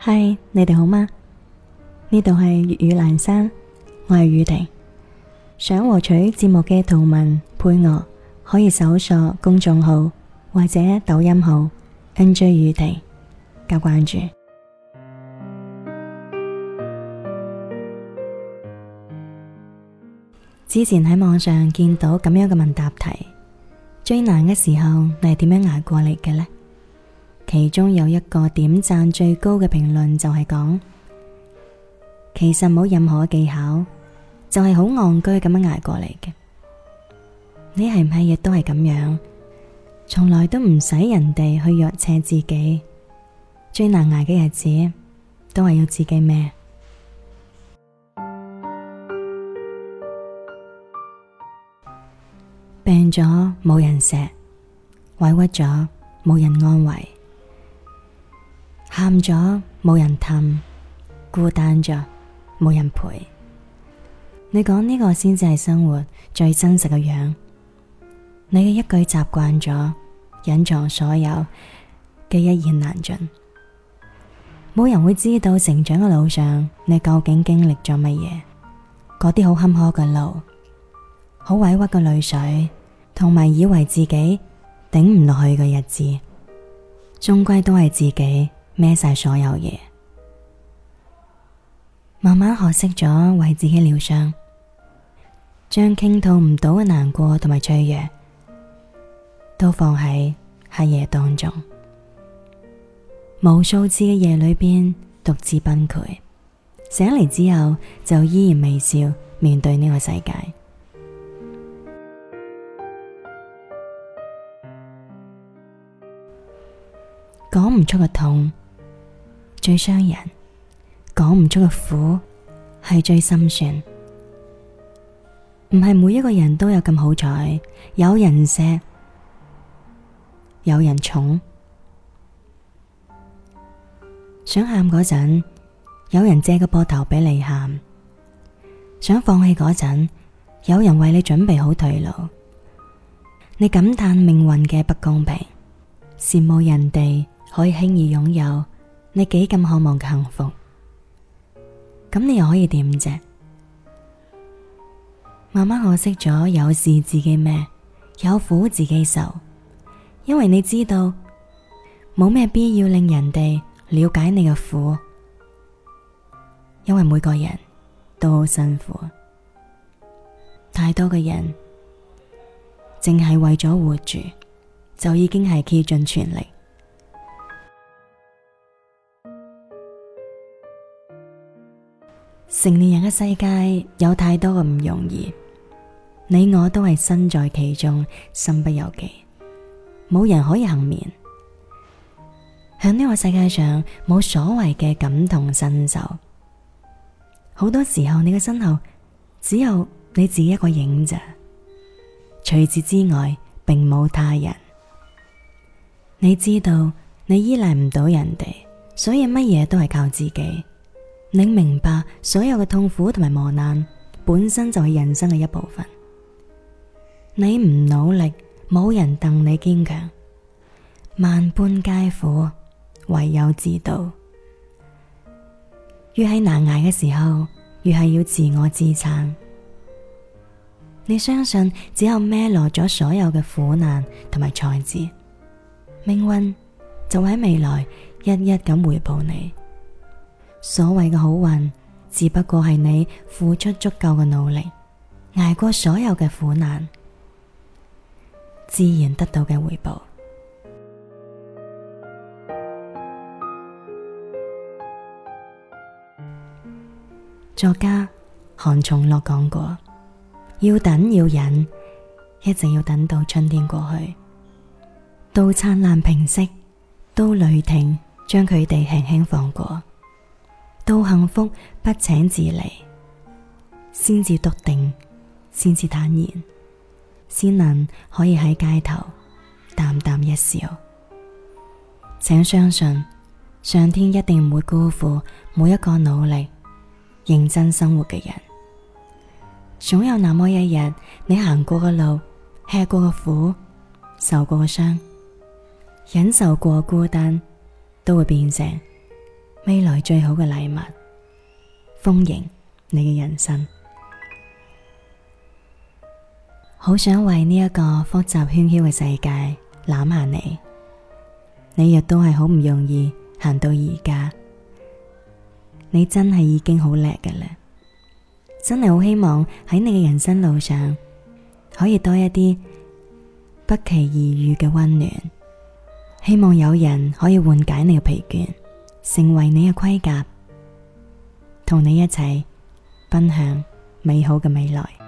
嗨，Hi，你哋好嗎？呢度係粵語闌珊，我係宇婷。想獲取節目嘅圖文配樂，可以搜索公眾號或者抖音號 NJ 宇婷加關注。之前喺網上見到咁樣嘅問答題，最難嘅時候，你係點樣捱過嚟嘅呢？其中有一個點讚最高嘅評論就係講，其實冇任何技巧，就係好戇居咁樣挨過嚟嘅。你係唔係亦都係咁樣？從來都唔使人哋去弱扯自己，最難挨嘅日子都係要自己孭。 病咗冇人錫，委屈咗冇人安慰。喊咗冇人氹，孤單着冇人陪。你講呢個先至係生活最真實嘅樣。你嘅一句習慣咗，隱藏所有嘅一言難盡。冇人會知道成長嘅路上，你究竟經歷咗乜嘢？嗰啲好坎坷嘅路，好委屈嘅淚水，同埋以為自己頂唔落去嘅日子，終歸都係自己。孭晒所有嘢，慢慢學識咗為自己療傷，將傾吐唔到嘅難過同埋脆弱都放喺黑夜當中，無數次嘅夜裏邊獨自崩潰，醒嚟之後就依然微笑面對呢個世界，講唔出嘅痛，最傷人，講唔出嘅苦係最心酸。唔係每一個人都有咁好彩，有人錫，有人寵。想喊嗰陣，有人借個膊頭俾你喊；想放棄嗰陣，有人為你準備好退路。你感嘆命運嘅不公平，羨慕人哋可以輕易擁有。你幾咁渴望嘅幸福，咁你又可以點啫？慢慢學識咗有事自己孭，有苦自己受，因為你知道冇咩必要令人哋了解你嘅苦，因為每個人都好辛苦，太多嘅人淨係為咗活住就已經係竭盡全力。成年人嘅世界有太多嘅唔容易，你我都係身在其中，身不由己，冇人可以幸免。響呢個世界上冇所謂嘅感同身受，好多時候你嘅身後只有你自己一個影啫，除此之外並冇他人。你知道你依賴唔到人哋，所以乜嘢都係靠自己。你明白所有嘅痛苦同埋磨難本身就係人生嘅一部分。你唔努力，冇人替你堅強。萬般皆苦，唯有自渡。越係難捱嘅時候，越係要自我支撐。你相信，只有孭落咗所有嘅苦難同埋挫折，命運就會喺未來一一咁回報你。所謂嘅好運，只不過係你付出足夠嘅努力，挨過所有嘅苦難，自然得到嘅回報。 作家韓松落講過：要等，要忍，一直要等到春天過去，到燦爛平息，到雷霆將佢哋輕輕放過。到幸福不請自來，先至篤定，先至坦然，先能可以喺街頭淡淡一笑。請相信，上天一定唔會辜負每一個努力認真生活嘅人。總有那麼一日，你行過嘅路，吃過嘅苦，受過嘅傷，忍受過孤單，都會變成，未來最好嘅禮物，豐盈你嘅人生。好想為呢一個複雜喧囂嘅世界攬下你，你亦都係好唔容易行到而家，你真係已經好叻嘅啦！真係好希望喺你嘅人生路上可以多一啲不期而遇嘅溫暖，希望有人可以緩解你嘅疲倦。成為你嘅盔甲，同你一齊奔向美好嘅未來。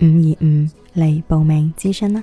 五二五嚟報名諮詢啦！